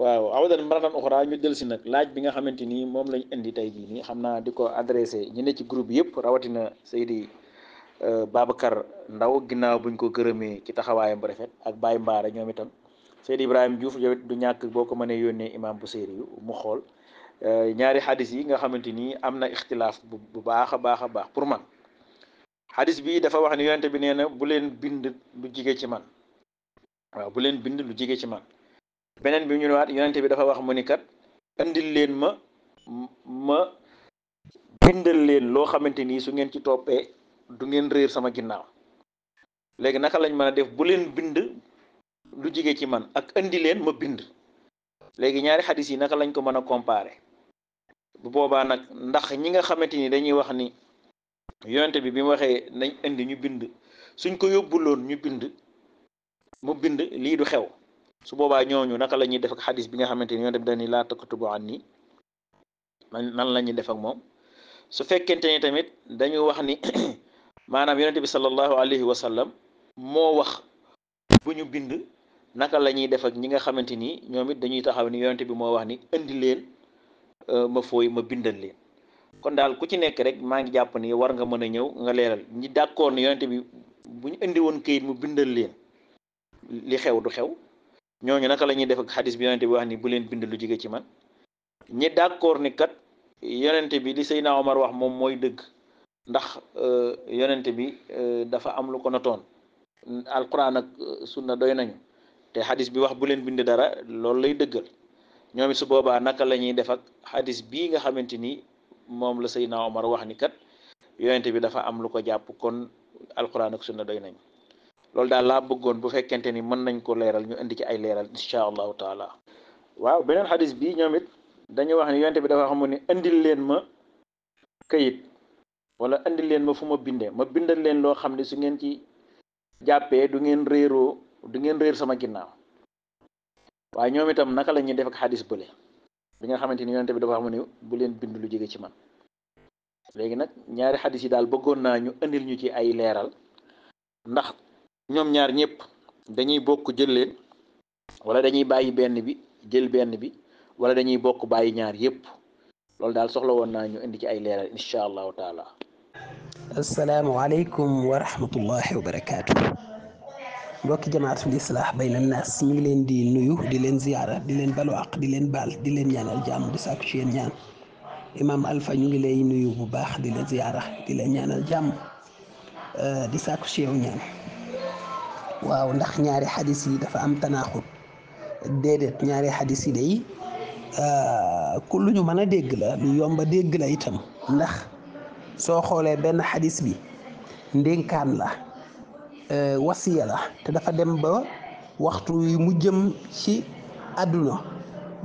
waaw awadan maratan uxra ñu dellu si nag laaj bi nga xamante ni moom lañ indi tey jii nii xam naa di ko adressé ñi ne ci groupe yëpp rawatina Seydi euh, Babacar Ndaw ginnaaw buñ ko gërëmee ci taxawaayam bu rafet ak Baye Mbaara ñoom itam Seydi Ibrahima Diouf yow it du ñàkk boo ko mënee yónnee imam bu séeri yu mu xool euh, ñaari xadis yi nga xamante ni am na ixtilaaf bu baax a baax a baax pour man xadis bi dafa wax ni yonente bi nee na bu leen bind lu jigee ci man bu leen bind lu jige ci man beneen bi ñu ne waat yonente bi dafa wax mu ni kat indil leen ma ma bindal leen loo xamante ni su ngeen ci toppee du ngeen réer sama ginnaaw léegi naka lañ mën a def bu leen bind lu jige ci man ak indi leen ma bind léegi ñaari xadis yi naka lañ ko mën a comparer bu boobaa nag ndax ñi nga xamante ni dañuy wax ni yonente bi bi mu waxee nañ indi ñu bind suñ ko yóbbu loon ñu bind mu bind lii du xew su boobaa ñooñu naka la ñuy def ak xadis bi nga xamante ni yoon def dañuy laa takkatubu an ni nan la ñuy def ak moom su fekkente ni tamit dañu wax ni maanaam yonente bi sallallahu alayhi wa sallam moo wax bu ñu bind naka la ñuy def ak ñi nga xamante ni ñoom it dañuy taxaw ni yonente bi moo wax ni indi leen euh, ma fooy ma bindal leen kon daal ku ci nekk rek maa ngi jàpp ni war nga mën a ñëw nga leeral ñi d'accord ni yonente bi bu ñu indi woon këyit mu bindal leen li xew du xew ñooñu naka la ñuy def ak xadis bi yonente bi wax ni bu leen bind lu jige ci man ñi d'accord ni kat yonente bi li Seydina Omar wax moom mooy dëgg ndax euh, yonente bi euh, dafa am lu ko notoon alquran ak euh, sunna doy nañu te xadis bi wax bu leen bind dara loolu lay dëggal ñoomi su boobaa naka la ñuy def ak xadis bii nga xamante ni moom la Seydina Omar wax ni kat yonente bi dafa am lu ko jàpp kon alquran ak sunna doy nañu loolu daal laa bëggoon bu fekkente ni mën nañ ko leeral ñu indi ci ay leeral incha allahu taala waaw beneen xadis bi ñoom it dañu wax ni yonent bi dafa xamu ni indil leen ma kayit wala indil leen ma fu ma bindee ma bindal leen loo xam ne su ngeen ci jàppee du ngeen réeroo du ngeen réer sama ginnaaw waaye ñoom itam naka la ñuy def ak xadis nga xamante ni yonent bi dafa xamu ni bu leen bind lu jóge ci man léegi nag ñaari xadis yi daal bëggoon naa ñu indil ñu ci ay leeral ndax ñoom ñaar ñëpp dañuy bokk jël leen wala dañuy bàyyi benn bi jël benn bi wala dañuy bokk bàyyi ñaar yëpp loolu daal soxla woon naa ñu indi ci ay leeral incha allahu taala. asalaamualeykum wa rahmatullahi wa barakaatu. mbokki jamaatul islah bayna naas ñu ngi leen di nuyu di leen ziyaara di leen baluwaq di leen baal di leen ñaanal jàmm di sàkku ci yéen ñaan imaam Alpha ñu ngi lay nuyu bu baax di leen ziyaara di leen ñaanal jàmm euh, di sàkku ci yow ñaan. waaw ndax ñaari xadis yi dafa am tanaaxut déedéet ñaari xadis yi day euh, ku lu ñu mën a dégg la lu yomba dégg la itam ndax soo xoolee benn xadis bi ndénkaan la euh, wasiya la te dafa dem ba waxtu wi mu jëm ci àdduna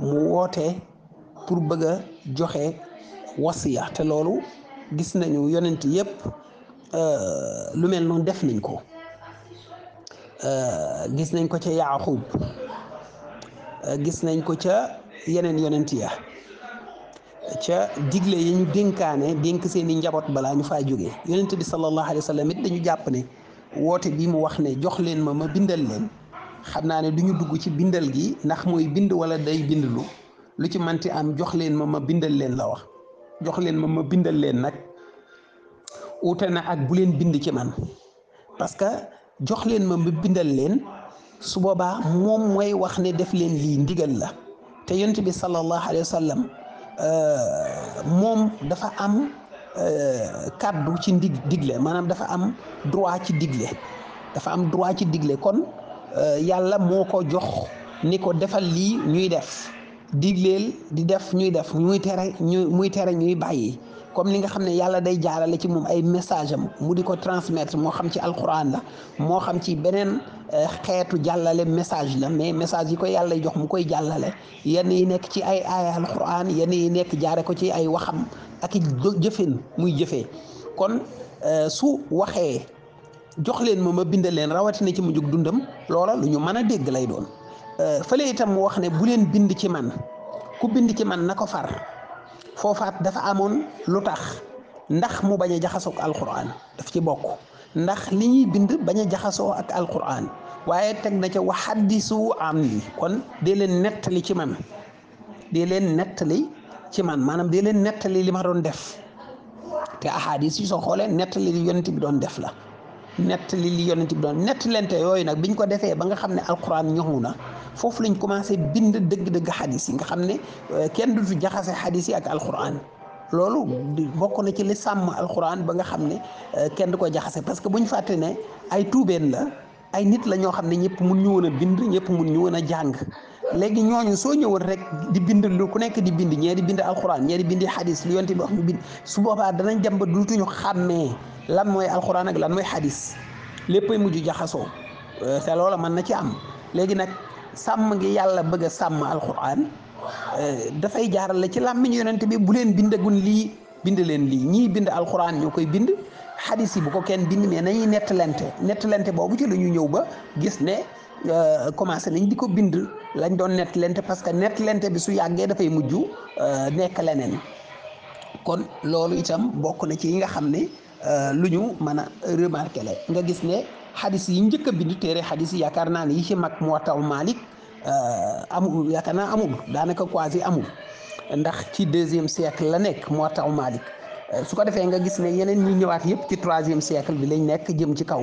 mu woote pour bëgg a joxe wasiya te loolu gis nañu yonent yépp euh, lu mel noonu def nañ ko Euh, gis nañ ko ca Yaaxub euh, gis nañ ko ca yeneen yonent ya ca digle yi ñu dénkaane dénk seeni njaboot balaa ñu faa jógee yonent bi sallallahu alayhi wa it dañu jàpp ne woote bi mu wax ne jox leen ma ma bindal leen xam naa ne du ñu dugg ci bindal gi ndax mooy bind wala day bind lu lu ci manti am jox leen ma ma bindal leen la wax jox leen ma ma bindal leen nag uute na ak bu leen bind ci man parce jox leen ma ma bindal leen su boobaa moom mooy wax ni def leen lii ndigal la te yonent bi sallallahu alayhi wa sallam euh, moom dafa am euh, kàddu ci ndig digle maanaam dafa am droit ci digle dafa am droit ci digle kon euh, yàlla moo ko jox ni ko defal lii ñuy def digleel di def ñuy def muy tere ñuy muy tere ñuy bàyyi comme li nga xam ne yàlla day jaarale ci moom ay message am mu di ko transmettre moo xam ci alquran la moo xam ci beneen euh, xeetu jàllale message la mais message yi ko yàlla jox mu koy jàllale yenn yi nekk ci ay aaya alquran yenn yi nekk jaare ko ci ay waxam ak i jëfin muy jëfee kon euh, su waxee jox leen ma ma bindal leen rawatina ci mujjug dundam loola lu ñu mën a dégg lay doon euh, fële itam mu wax ne bu leen bind ci man ku bind ci man na ko far foofaat dafa amoon lu tax ndax mu bañ a jaxasoo ak alquran daf ci bokk ndax li ñuy bind bañ a jaxasoo ak alquran waaye teg na ca waxaddisu am ni kon dee leen nettali ci man dee leen nettali ci man maanaam dee leen nettali li ma doon def te ahadis yi soo xoolee nettali li yonent bi doon def la nettali li yonent bi doon nettalente yooyu nag bi ñu ko defee ba nga xam ne alquran ñoxu na foofu lañ commencé bind dëgg-dëgg xadis yi nga xam ne euh, kenn du fi jaxase xadis yi ak alquran loolu bokk na ci li sàmm alquran ba nga xam ne euh, kenn du ko jaxase parce que ñu fàtte ne ay tuubeen la ay nit la ñoo xam ne ñëpp mun ñu woon a bind ñëpp mun ñu woon a jàng léegi ñooñu soo ñëwoon rek di bind lu ku nekk di bind ñeeri bind alxuraan ñee di bind xadis lu yonte bi wax ñu bind su boobaa danañ dem ba duutuñu xàmmee lan mooy alxuraan ak lan mooy xadis léppay mujj jaxasoo euh, te loola mën na ci am léegi nag sàmm ngi yàlla bëgg a sàmm alxuraan euh, dafay jaaral jaarale ci làmmiñ yonent bi bu leen bind gun lii bind leen lii ñii bind alxuraan ñoo koy bind xadis yi bu ko kenn bind mais nañuy nettalante nettalante boobu ci la ñu ñëw ba gis ne Euh, commencé nañ di ko bind lañ doon nett lente parce que nett lente bi su yàggee dafay mujj euh, nekk leneen kon loolu itam bokk na ci yi nga xam ne euh, lu ñu mën a remarqué nga gis ne xadis yi njëkk a bind téere xadis yaakaar naa ne yi ci mag moo taw Malik amul yaakaar naa amul daanaka quasi amul ndax ci deuxième siècle la nekk moo taw Malik su ko defee nga gis ne yeneen ñi ñëwaat yëpp ci troisième siècle bi lañ nekk jëm ci kaw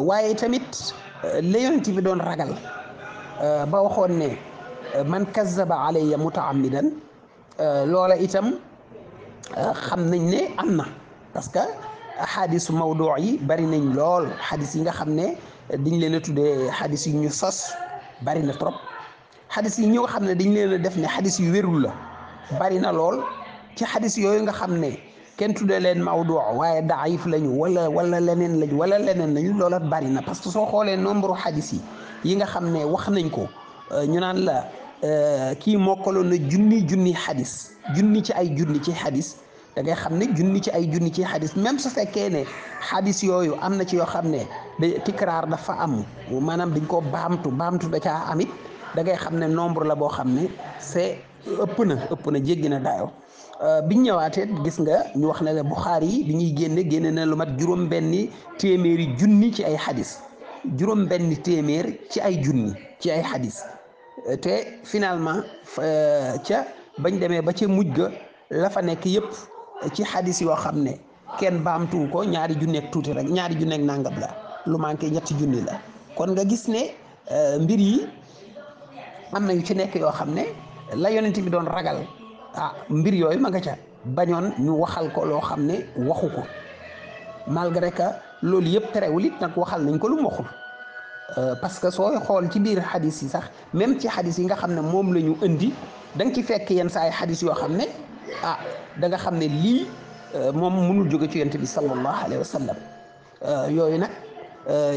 waaye tamit la yonent bi doon ragal euh, ba waxoon ne euh, man kazzaba alayya mutaamidan euh, loola itam xam nañ ne am na parce que xadisu mawduu yi bari nañ lool xadis yi nga xam ne dañ leen a tuddee xadis yi ñu sos bari na trop xadis yi ñi xam ne dañ leen def ne xadis yu wérul la bari na lool ci xadis yooyu nga xam ne kenn tuddee leen mawdu waaye daif lañu wala wala leneen lañu wala leneen lañu loola bari na parce que soo xoolee nombre xadis yi yi nga xam ne wax nañ ko euh, ñu naan la euh, kii mokkaloon na junni junni xadis junni ci ay junni ci xadis da ngay xam ne junni ci ay junni ci xadis même su fekkee ne xadis yooyu am na ci yoo xam ne da tikraar dafa am maanaam dañ ko baamtu baamtu da caa amit da ngay xam ne nombre la boo xam ne c'est ëpp na ëpp na jéggi na daayo Euh, biñ ñëwaatee gis nga ñu wax ne la Buxaari yi bi ñuy génne génne na lumat mat juróom-benni téeméeri junni ci ay xadis juróom-benni téeméer ci ay junni ci ay xadis euh, te finalement euh, ca bañ demee ba ca mujj ga lafa nekk yëpp ci xadis yoo xam ne kenn baamtu ko ñaari junneeg tuuti rek ñaari junneeg nangam la lu manqué ñetti junni la kon nga gis ne mbir yi am na yu ci nekk yoo xam ne la yonent bi doon ragal. ah mbir yooyu ma nga ca bañoon ñu waxal ko loo xam ne waxu ko malgré que loolu yëpp terewul it nag waxal nañ ko lu mu waxul euh, parce que sooy xool ci biir xadis yi sax même ci xadis yi nga xam ne moom la ñu indi danga ci fekk yenn saa yi xadis yoo xam ne ah da nga xam ne lii euh, moom mënul jóge ci yonent bi sallallahu alayhi wa sallam euh, yooyu nag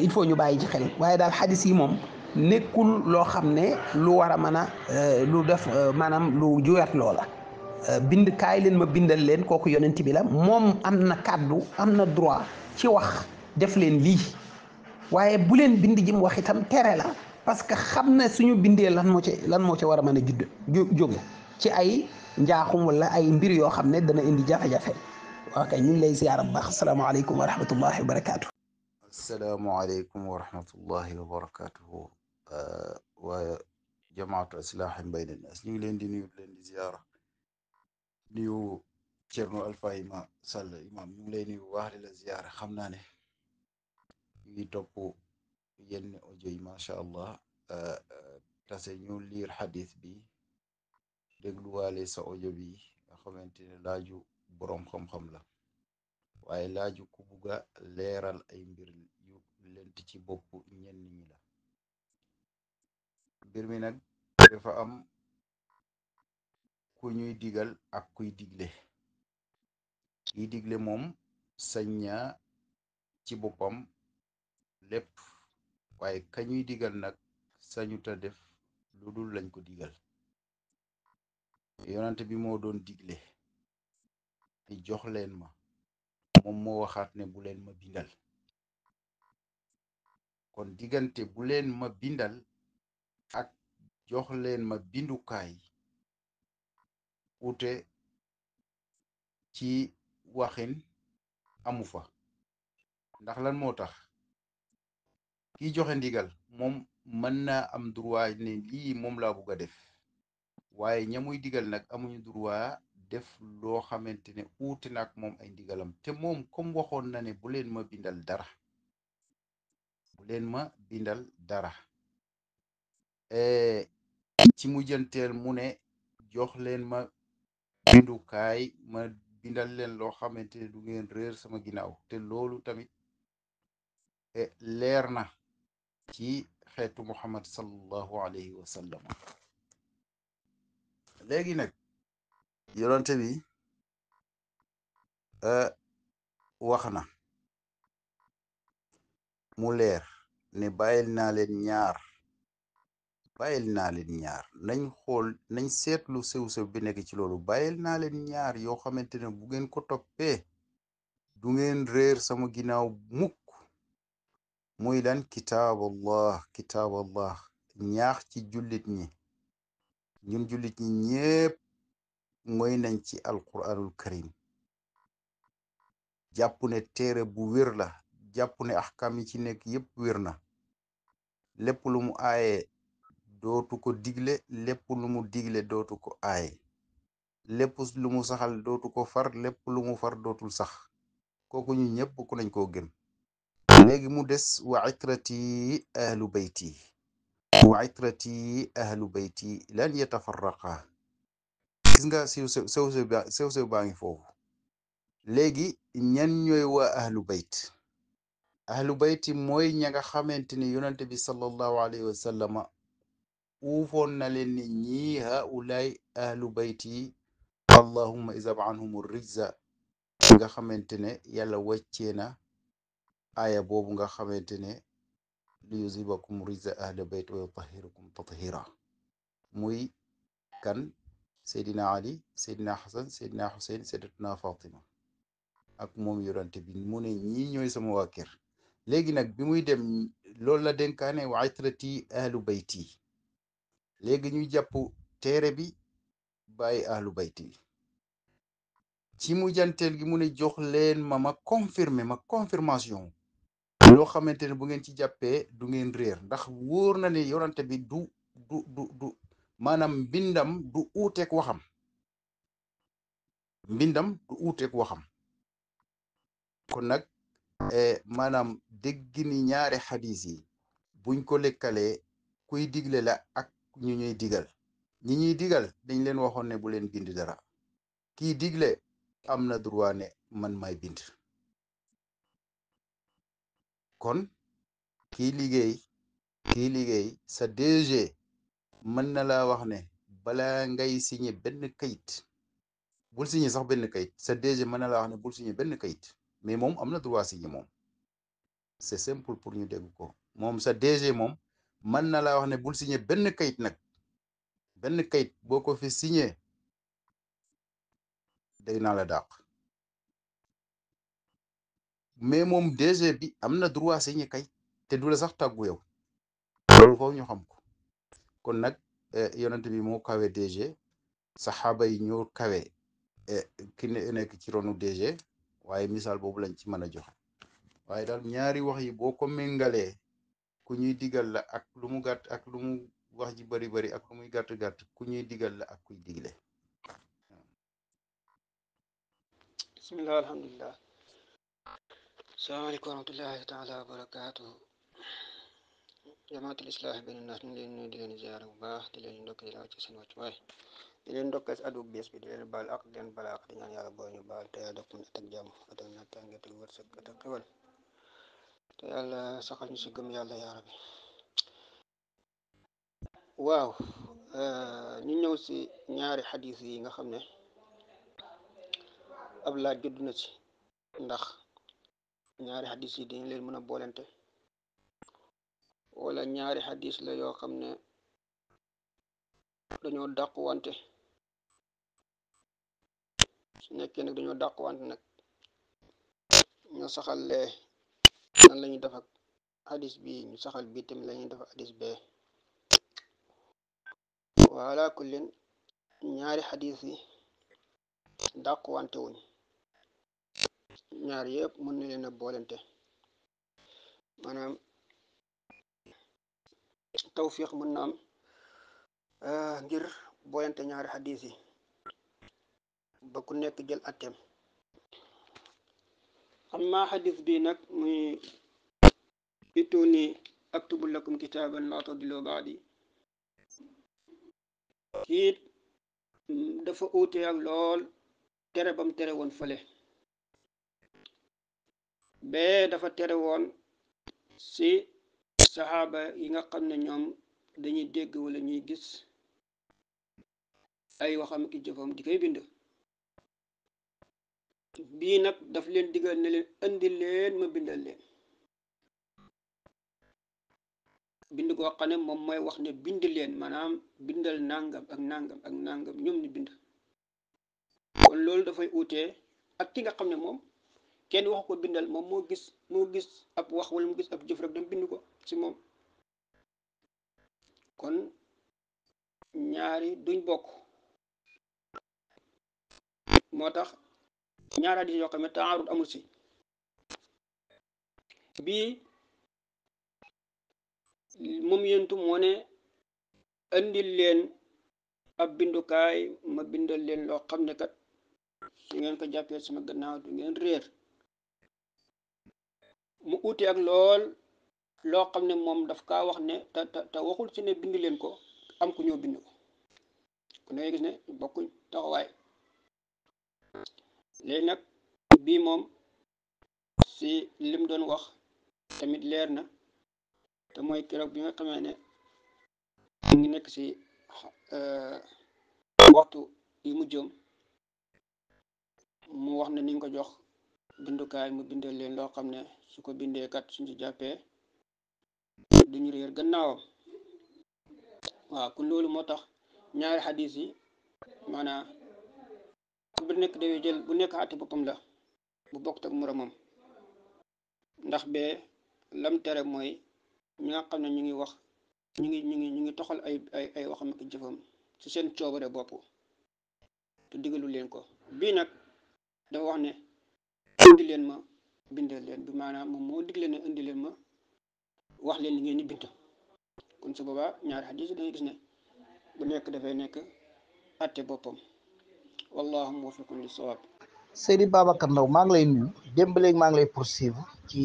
il faut ñu bàyyi ci xel waaye daal xadis yi moom nekkul loo xam ne lu war a mën a lu def maanaam lu juwet loola bind kaay leen ma bindal leen kooku yonent bi la moom am na kàddu am na droit ci wax def leen lii waaye bu leen bind jim wax itam tere la parce que xam na suñu bindee lan moo ci lan moo ci war a mën a judd jóge ci ay njaaxum wala ay mbir yoo xam ne dana indi jafe-jafe waaw kay ñu ngi lay ziyaara bu baax asalaamaaleykum wa rahmatullahi wa barakaatu. asalaamaaleykum wa rahmatullahi wa barakaatu. waa naas ñu ngi leen di nuyu leen di ziyaara nuyu Thierno Alpha Ima Sall imam ñu ngi lay nuyu bu baax di la ziyaara xam naa ne ñu ngi topp yenn audio yi macha allah euh, tase ñu liir xadis bi dégluwaale sa audio bi nga xamante ne boroom xam-xam la waaye laaju ku bugga leeral ay mbir yu ci bopp ñenn ñi la nag dafa am ku ñuy digal ak kuy digle kiy digle moom sañ na ci boppam lépp waaye ka ñuy digal nag sañuta def ludul dul lañ ko digal yonent bi moo doon digle ni jox leen ma moom moo waxaat ne bu leen ma bindal kon diggante bu leen ma bindal ak jox leen ma bindukaay ute ci waxin amu fa ndax lan moo tax kiy joxe ndigal moom mën naa am droit ne lii moom la bugg a def waaye ña muy digal nag amuñu droit def loo xamante ne uute na moom ay ndigalam te moom comme waxoon na ne bu leen ma bindal dara bu leen ma bindal dara eh, ci mujjanteel mu ne jox ma bindukaay ma bindal leen loo xamante ne du ngeen réer sama ginnaaw te loolu tamit e, leer na ci xeetu muhammad sallallahu alayhi wa sallam léegi nag yonente bi e, wax na mu leer ne bàyyil naa leen ñaar bàyyil naa leen ñaar nañ xool nañ seetlu sew-sew bi nekk ci loolu bàyyil naa leen ñaar yoo xamante ne bu ngeen ko toppe du ngeen réer sama ginnaaw mukk muy lan kitaab allah kitaab allah ñaax ci jullit ñi ñun jullit ñi ñépp mooy nañ ci alquranul karim jàpp ne téere bu wér la jàpp ne axkam yi ci nekk yépp wér na lépp lu mu aaye dootu ko digle lépp lu mu digle dootu ko aaye lépp lu mu saxal dootu ko far lépp lu mu far dootul sax kooku ñu ñëpp ku nañ koo gëm léegi mu des wa itrati ahlu bayti wa itrati ahlu bayti lan yatafarraqa gis nga sew sew sew sew baa ngi foofu léegi ñan ñooy waa ahlu bayt ahlu bayti mooy ña nga xamante ni yonente bi sallallahu alayhi wa uufoon na leen ne ñii haulaay ahlu bayti allahumma izab anhum rijza nga xamante ne yàlla wàccee na aaya boobu nga xamante ne li yuzibakum rijza ahla bayt wa yutahirukum tathira muy kan seydina ali seydina xasan seydina xuseyn seydatuna fatima ak moom yorante bi mu ne ñi ñooy sama waa kër léegi nag bi muy dem loolu la dénkaane wa itrati ahlu bayti léegi ñuy jàpp téere bi bàyyi ahlu bayti bi ci mujjanteel gi mu ne jox leen ma ma confirmer ma confirmation loo xamante ne bu ngeen ci jàppee du ngeen réer ndax wóor na ne yorante bi du du du du maanaam mbindam du uuteeg waxam mbindam du uuteeg waxam kon nag e, maanaam dégg ni ñaari xadis yi buñ ko lekkalee kuy digle la ñu ñuy digal ñi ñuy digal dañ leen waxoon ne bu leen bind dara kii digle am na droit man may bind kon kii liggéey kii liggéey sa DG mën na laa wax ne balaa ngay signé benn kayit bul signé sax benn kayit sa DG mën na laa wax ne bul signé benn kayit mais moom am na droit signé moom c'est simple pour ñu dégg ko moom sa DG moom mën na laa wax ne bul signé benn kayit nag benn kayit boo ko fi signé day naa la dàq mais moom DG bi am na droit signé kayit te du la sax tàggu yow loolu foofu ñu xam ko kon nag eh, yonent bi moo kawe DG saxaaba yi ñoo kawe eh, ki nekk ci ronu DG waaye misaal boobu lañ ci mën a joxe waaye dal ñaari wax yi boo ko méngalee ku ñuy digal la ak lu mu gàtt ak lu mu wax ji bari bari ak lu muy gàtt gàtt ku ñuy digal la ak kuy digle bismillah alhamdulillah salaamaaleykum wa rahmatullahi taala wa barakaatuhu jamaatul islaahi benn naas ñu leen nuyu la wàcc seen wàcc waay di leen adu bees bi di leen baal ak di leen balaax di ñaan yàlla ñu baal te yàlla def mu nekk ak jàmm atal nattange atal te yàlla saxal ñu si gëm yàlla yaa waaw euh, ñu ñëw si ñaari xadis yi nga xam ne ab laaj judd na ci ndax ñaari xadis yi dañ leen mën a boolente wala ñaari xadis la yoo xam ne dañoo dàquwante su nekkee nag dañoo dàquwante nag ñoo saxal lee nan la ñuy def ak hadis bi ñu saxal bi tamit la ñuy def ak hadis bee wala kullin ñaari hadis yi dàquwante wuñ ñaar yëpp mën na leen a boolente maanaam tawfiq mën na am ah, ngir boolente ñaari hadis yi ba nekk jël atteem amma xadis bi nag muy ituni aktubu lakum kitaaban la tadillu baadi kiit dafa uute ak lool tere bam tere woon fële bee dafa tere woon si saxaaba yi nga xam ne ñoom dañuy dégg walla ñuy gis ay waxam ki jëfam di koy bind bii nag daf leen digal ne leen indi leen ma bindal leen bind goo xam ne moom mooy wax ne bind leen maanaam bindal nangam ak nangam ak nangam ñoom ñu bind kon loolu dafay uutee ak ki nga xam ne moom kenn waxu ko bindal moom moo gis moo gis ab wax wala mu gis ab jëf rek dem bind ko ci moom kon ñaari duñ bokk moo tax ñaari di yoo xam ne taarud amul si bii moom yentu moo ne andil leen ab bindukaay ma bindal leen loo xam ne kat su ko jàppee sama gannaaw ngeen réer mu uute ak lool loo xam ne moom daf kaa wax ne te waxul si ne bind leen ko am ku ñëw bind ko ku ne gis ne bokkuñ taxawaay léegi nag bii moom si lim doon wax tamit leer na te mooy keroog bi nga xamee ne nekk si euh, waxtu yi mu jëm mu wax ne niñ ko jox bindukaay mu bindal leen loo xam ne su ko bindee kat suñ ci jàppee duñu réer gannaawam waaw kon loolu moo tax ñaari xadis yi bu nekk day jël bu nekk àtte boppam la bu bokk ak moromam ndax bee lam tere mooy ñi xam ne ñu ngi wax ñu ngi ñu ngi ñu ngi toxal ay ay ay waxam ak jëfam ci seen coobare bopp te digalu leen ko bii nag dafa wax ne indi leen ma bindal leen bi maanaam moom moo digle ne indi leen ma wax leen li ngeen di bind kon su boobaa ñaari xadis dañuy gis ne bu nekk dafay nekk àtte boppam wallahu muwaffiqun li Ndaw maa ngi lay nuyu démb léegi maa ngi lay poursuivre ci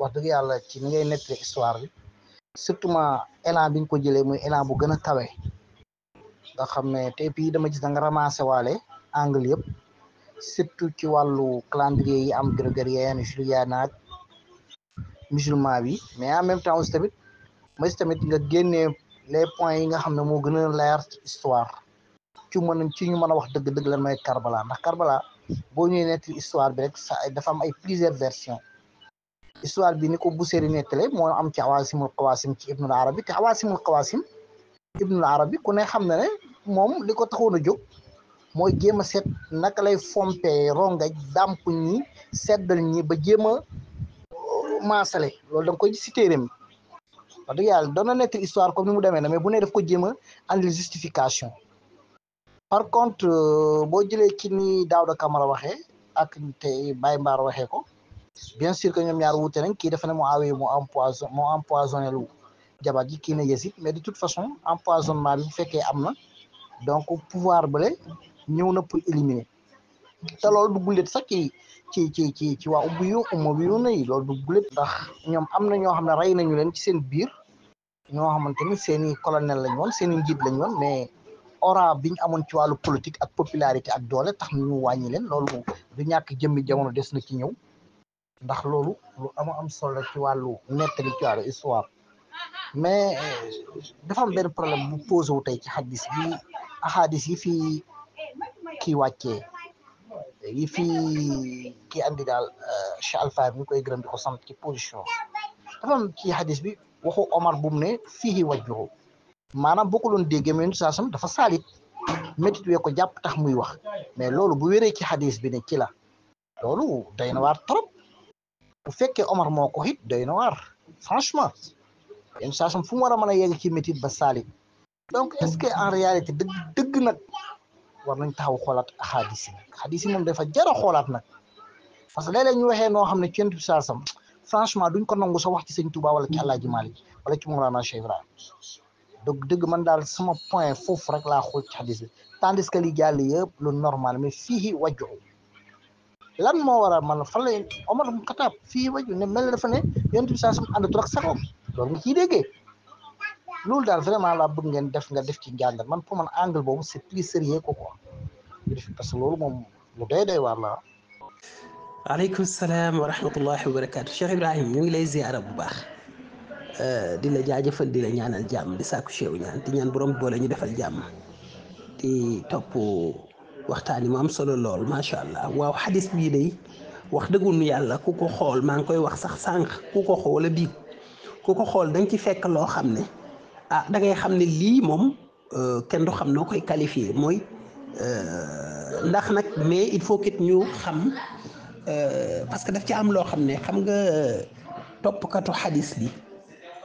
wax dëgg yàlla ci ni ngay nettali histoire bi surtout ma élan bi ko jëlee mooy élan bu gën a kawe nga xam ne te puis dama gis da nga ramassé angle yëpp surtout ci wàllu calendrier yi am grégorien julien naaj musulman bi mais en même temps tamit ma tamit nga génnee les point yi nga xam ne moo gën a leer ci histoire ci mën ci ñu mën a wax dëgg-dëgg lan mooy Karbala ndax Karbala boo ñëwee nettali histoire bi rek sa dafa am ay plusieurs versions histoire bi ni ko Busiri nettale moo am ci Awaasimul Qawaasim ci Ibnul Arabi bi Awaasimul Qawaasim Ibnul Arabi ku ne xam na ne moom li ko taxoon a jóg mooy jéem a seet naka lay fompee rongaj dàmp ñi seddal ñi ba jéem a uh, maasale loolu da nga koy gis si téeréem bi wax dëgg na nettali histoire comme ni mu demee na mais bu ne daf ko jéem a justification par contre euh, boo jëlee ci ni Daouda Camara waxee ak te Baye Mbaar waxee ko bien sûr que ñoom ñaar wuute nañ kii dafa ne Muawiya moo empoison moo empoisonné lu jabar ji kii na Yazid mais de toute façon empoisonnement bi bu fekkee am na donc pouvoir bële ñëw na pour éliminer te lool du guléet sax ci ci ci ci ci waa ubbi yu umma bi yu nayi loolu ndax ñoom am na ñoo xam ne rey ñu leen ci seen biir ñoo xamante seeni seen colonel lañ woon seen i njiit lañ woon mais aura bi ñu amoon ci wàllu politique ak popularité ak doole tax na ñu wàññi leen loolu du ñàkk jëmmi jamono des na ci ñëw ndax loolu lu amoon am solo ci wàllu nettali ci wàllu histoire mais euh, dafa am benn problème bu posé wu tey ci xadis bi axadis yi fii kii wàccee yi fii kii andi daal euh, Cheikh Alfaar ñu koy gërëm di ko sant ci position dafa am ci xadis bi waxu Omar bu mu ne fii maanaam boo ko doon déggee saasam dafa saalit métit wee ko jàpp tax muy wax mais loolu bu wéree ci xadis bi ne ci la loolu doy na waar trop bu fekkee Omar moo ko day doy na waar franchement yenn saa sam fu mu war a mën a yegg ci métit ba saalit donc est ce que en réalité dëgg dëgg nag war nañ taxaw xoolaat xadis yi nag xadis yi moom dafa jar a xoolaat nag parce que léeg-léeg ñu waxee noo xam ne ci yenn saa sam franchement duñ ko nangu sa wax ci sëñ Tuubaa wala ci Alaaji Maalik wala ci Mawlaana Cheikh Ibrahima donc dëgg man daal sama point foofu rek laa xool ci xadis bi tandis que jàll yëpp lu normal mais fii wàjju lan moo war a man fan la Omar fii wàjju ne mel dafa ne yonent bi saa sama àndatul ak sagoom loolu nga ciy déggee daal vraiment laa bëgg ngeen def nga def ci njàngat man pour man angle boobu c'est plus sérieux ko quoi parce que loolu moom lu doy doy waar la waaleykum salaam wa rahmatullahi wa barakaatu Cheikh Ibrahim ñu ngi lay ziara bu baax Eh, di la jaajëfal di ñaanal jàmm di sàkku chew ñaan di ñaan borom boole ñu defal jàmm di topp waxtaan yi mu am solo lool macha allah waaw xadis bii day wax dëggunu yàlla ku ko xool maa ngi koy wax sax sànq ku ko xoola bii ku ko xool da nga fekk loo xam ne ah da ngay xam ne lii moom eh, kenn du xam noo koy qualifié mooy eh, ndax nag mais il faut que ñu xam parce que daf ci am loo xam ne xam nga toppkatu xadis bi.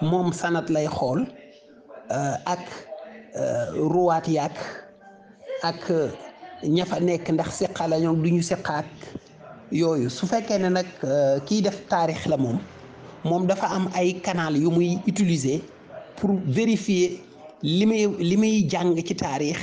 moom sanat lay xool euh, ak euh, ruwaat yàq ak euh, ñafa nekk ndax siqa la ñoom du ñu siqaak yooyu su fekkee ne nag kiy def taarix la moom moom dafa am ay kanaal yu muy utiliser pour vérifier li muy li muy jàng ci taarix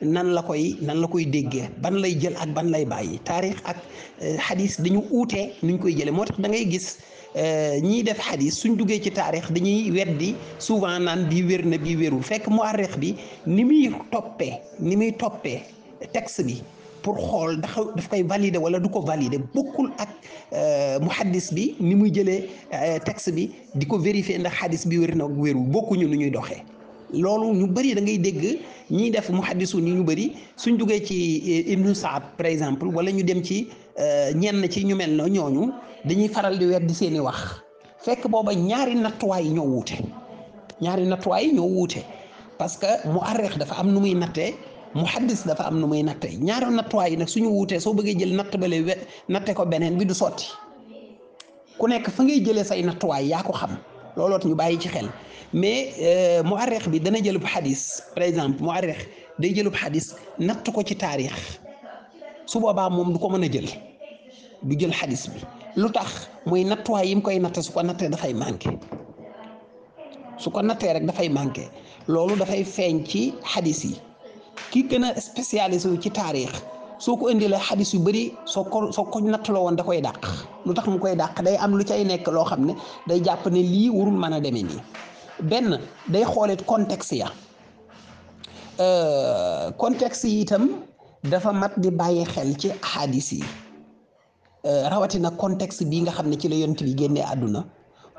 nan la koy nan la koy déggee ban lay jël ak ban lay bàyyi taarix ak euh, xadis dañu uutee nuñ koy jëlee moo tax da ngay gis euh, ñiy def xadis suñ duggee ci taarix dañuy weddi souvent naan bi wér na bii wérul fekk mu muarrix bi ni muy toppee ni muy toppee texte bi pour xool ndax daf koy valider wala du ko valider bokkul ak euh, muhaddis bi ni muy jëlee texte bi di ko vérifier ndax xadis bi wér na ak wérul bokkuñu nu ñuy doxee. loolu ñu bëri da ngay dégg ñiy def muhaddisu ñi ñu bëri suñ duggee ci eh, ibnu saad par exemple wala ñu dem ci eh, ñenn ci ñu mel na ñooñu dañuy faral di di seeni wax fekk booba ñaari nattuwaay yi ñoo wuute ñaari nattuwaay yi ñoo wuute parce que mu arreex dafa am nu muy mu xaddis dafa am nu muy nattee ñaari nattuwaay yi nag suñu wuutee soo bëggee jël natt bale natte ko beneen bi du sotti ku nekk fa ngay jëlee say nattuwaay yaa ko xam looloot ñu bàyyi ci xel mais euh, muarreex bi dana jëlub xadis par exemple mu muarreex day jëlub xadis natt ko ci taarix su boobaa moom du ko mën a jël du jël xadis bi lu tax muy nattuwaay yi mu koy natt su ko nattee dafay manqué su ko nattee rek dafay manqué loolu dafay feeñ ci xadis yi kii gën a spécialisé wu ci taarix soo ko indilee xadis yu bëri soo ko soo ko nattaloo woon da koy dàq lu tax mu koy dàq day am lu cay nekk loo xam ne day jàpp ne lii warul mën a demee nii benn day xoolit contexte ya euh, contexte yi itam dafa mat di bàyyi xel ci xaadis yi euh, rawatina contexte bii nga xam ne ci la yonent bi génnee àdduna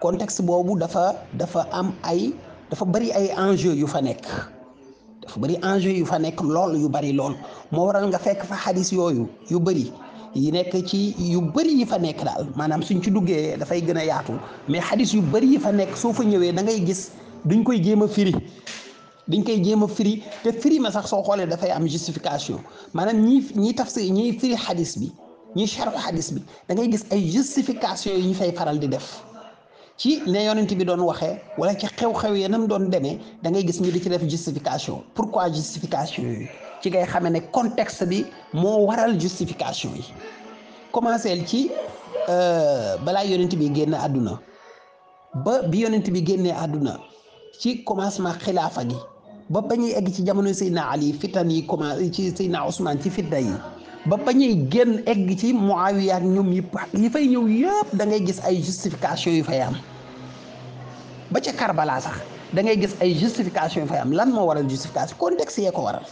contexte boobu dafa dafa am ay dafa bari ay enjeu yu fa nekk dafa bari enjeu yu fa nekk lool yu bari lool moo waral nga fekk fa xadis yooyu yu bari yi nekk ci yu bëri yi fa nekk daal maanaam suñ ci duggee dafay gën a yaatu mais xadis yu bëri yi fa nekk soo fa ñëwee da ngay gis duñ koy jéem a firi dañ koy jéem a firi te firi ma sax soo xoolee dafay am justification maanaam ñi ñiy tafsir ñiy firi xadis bi ñiy charxu xadis bi da ngay gis ay justification yi ñu fay faral di def ci ne yonent bi doon waxee wala ci xew-xew yenam doon demee da ngay gis ñu di ci def justification pourquoi justification yi ci ngay xamee ne contexte bi moo waral justification yi commencé ci euh, balaa yonent bi génn àdduna ba bi bi génnee àdduna ci commencement xilaafa gi ba ba ñuy egg ci jamono Seydina Ali fitan yi commencé ci Seydina Ousmane ci fitna yi ba ba ñuy génn egg ci Muawiya ak ñoom yëpp li fay ñëw yëpp da ngay gis ay justification yu fay am ba ca Karbala sax da ngay gis ay justification yu fay am lan moo waral justification contexte yee ko waral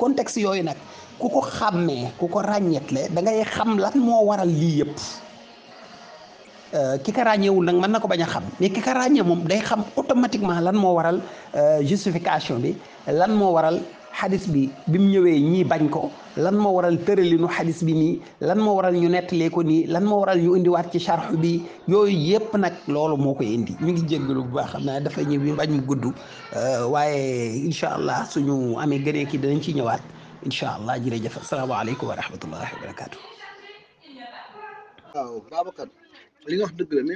contexte yooyu nag ku ko xam xàmmee ku ko ràññeetle da ngay xam lan moo waral lii yëpp euh, ki ka ràññeewul nag mën na ko bañ a xam mais ki ka ràññee moom day xam automatiquement lan moo waral euh, justification bi lan moo waral. xadis bi bi mu ñëwee ñii bañ ko lan moo waral tëralinu xadis bi nii lan moo waral ñu nettalee ko nii lan moo waral ñu indiwaat ci charx bi yooyu yëpp nag loolu moo koy indi ñu ngi jéggalu bu baax xam naa dafa ñëw ñu bañ mu gudd euh, waaye incha allah suñu amee gënee ki danañ ci ñëwaat incha allah jërëjëf asalaamaaleykum wa rahmatullahi wa barakaatu. waaw dëgg la naa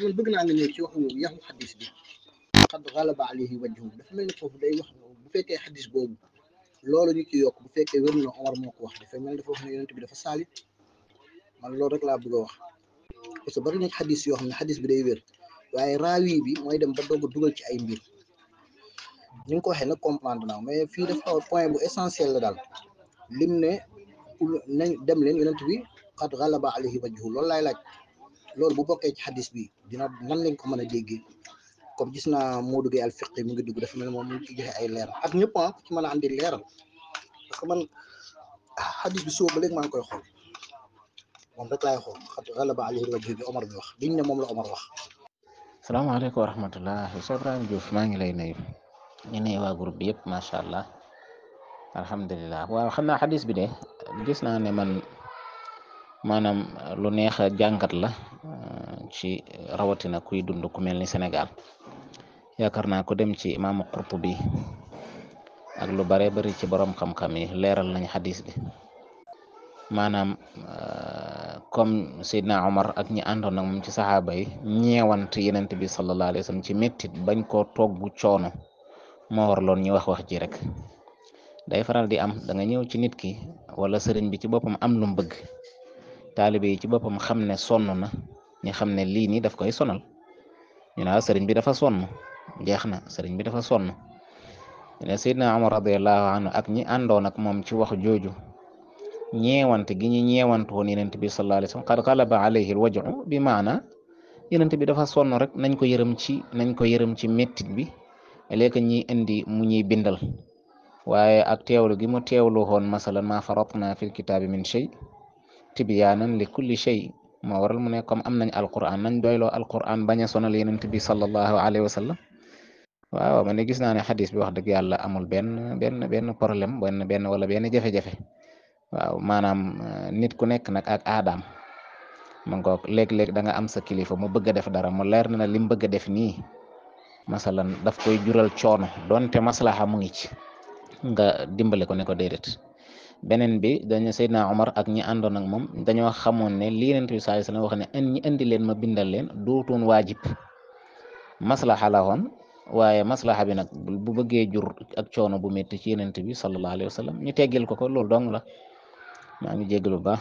nga loolu ñu ci yokk bu fekkee wér na Omar moo ko wax dafa mel dafa wax ne yonent bi dafa saali man loolu rek laa bëgg a wax parce que bari na xadis yoo xam ne xadis bi day wér waaye raawi bi mooy dem ba doog dugal ci ay mbir ñu ngi ko waxee nag comprendre naa mais fii dafa point bu essentiel la daal lim ne nañ dem leen yonent bi xat xalaba alayhi wajhu loolu laay laaj loolu bu bokkee ci xadis bi dina nan lañ ko mën a déggee comme gis naa Modou Gueye Al Fiqi mu ngi dugg dafa mel moom mu ngi ci ay leeral ak ñëpp ah ci mën a andi leeral parce que man xadis bi suba maa ngi koy xool moom rek laay xool xat galaba alayhi wajhi bi bi wax liñ ne moom la Omar wax. salaamaaleykum wa rahmatullah Cheikh maa ngi lay nuyu ñu nuyu waa groupe bi yëpp macha allah alhamdulilah waaw xam naa xadis bi de gis naa ne man maanaam lu neex a jàngat la. ci eh, rawatina kuy dund ku mel ni Sénégal yaakaar naa ko dem ci imaamu ak lu bare bari ci borom xam-xam yi leeral nañ xadis bi maanaam eh, comme Seydina Omar ak ñi àndoon ak moom ci saxaaba yi ñeewant yenent bi sallallahu alayhi wa ci mettit bañ koo togg coono moo waraloon ñu wax wax ji rek day faral di am danga nga ñëw ci nit ki wala sëriñ bi ci boppam am lu mu bëgg taalibe yi ci boppam xam ne sonn na ñi xam ne lii nii daf koy sonal ñu ne sëriñ bi dafa sonn jeex na sëriñ bi dafa sonn ñu ne Seydina ak ñi àndoon ak moom ci wax jooju ñeewante gi ñu ñeewante woon yenent bi sallallahu alayhi wasallam qad qalaba alayhi alwaj'u bi maana yenent bi dafa sonn rek nañ ko yërëm nañ ko yërëm ci mettit bi léegi ñi indi mu ñuy bindal waaye ak teewlu gi mu teewlu woon masalan ma faratna fil kitaabi min shay tibyaanan li kulli shay moo waral mu ne comme am nañ alquran nañ doyloo alquran bañ a sonal yonent bi sallallahu alayhi wa sallam waaw man ne gis naa ne xadis bi wax dëgg yàlla amul benn benn benn problème benn benn wala benn jafe-jafe waaw maanaam euh, nit ku nekk nag ak aadaam ma ngoog léeg-léeg da nga am sa kilifa mu bëgg a def dara mu leer na li lim bëgg a def nii masalan daf koy jural coono donte maslaha mu ngi ci nga dimbale ko ne ko déedéet beneen bi dañu Seydina Omar ak ñi àndoon ak moom dañoo xamoon ne lii Yonent bi sallallahu alayhi wasallam wax ne ñi indi leen ma bindal leen dootoon waajib maslaxa la woon waaye maslaxa bi nag bu bëggee jur ak coono bu métti ci Yonent bi sallallahu alayhi wasallam ñu teggil ko ko loolu dong la maa ngi jéggalu bu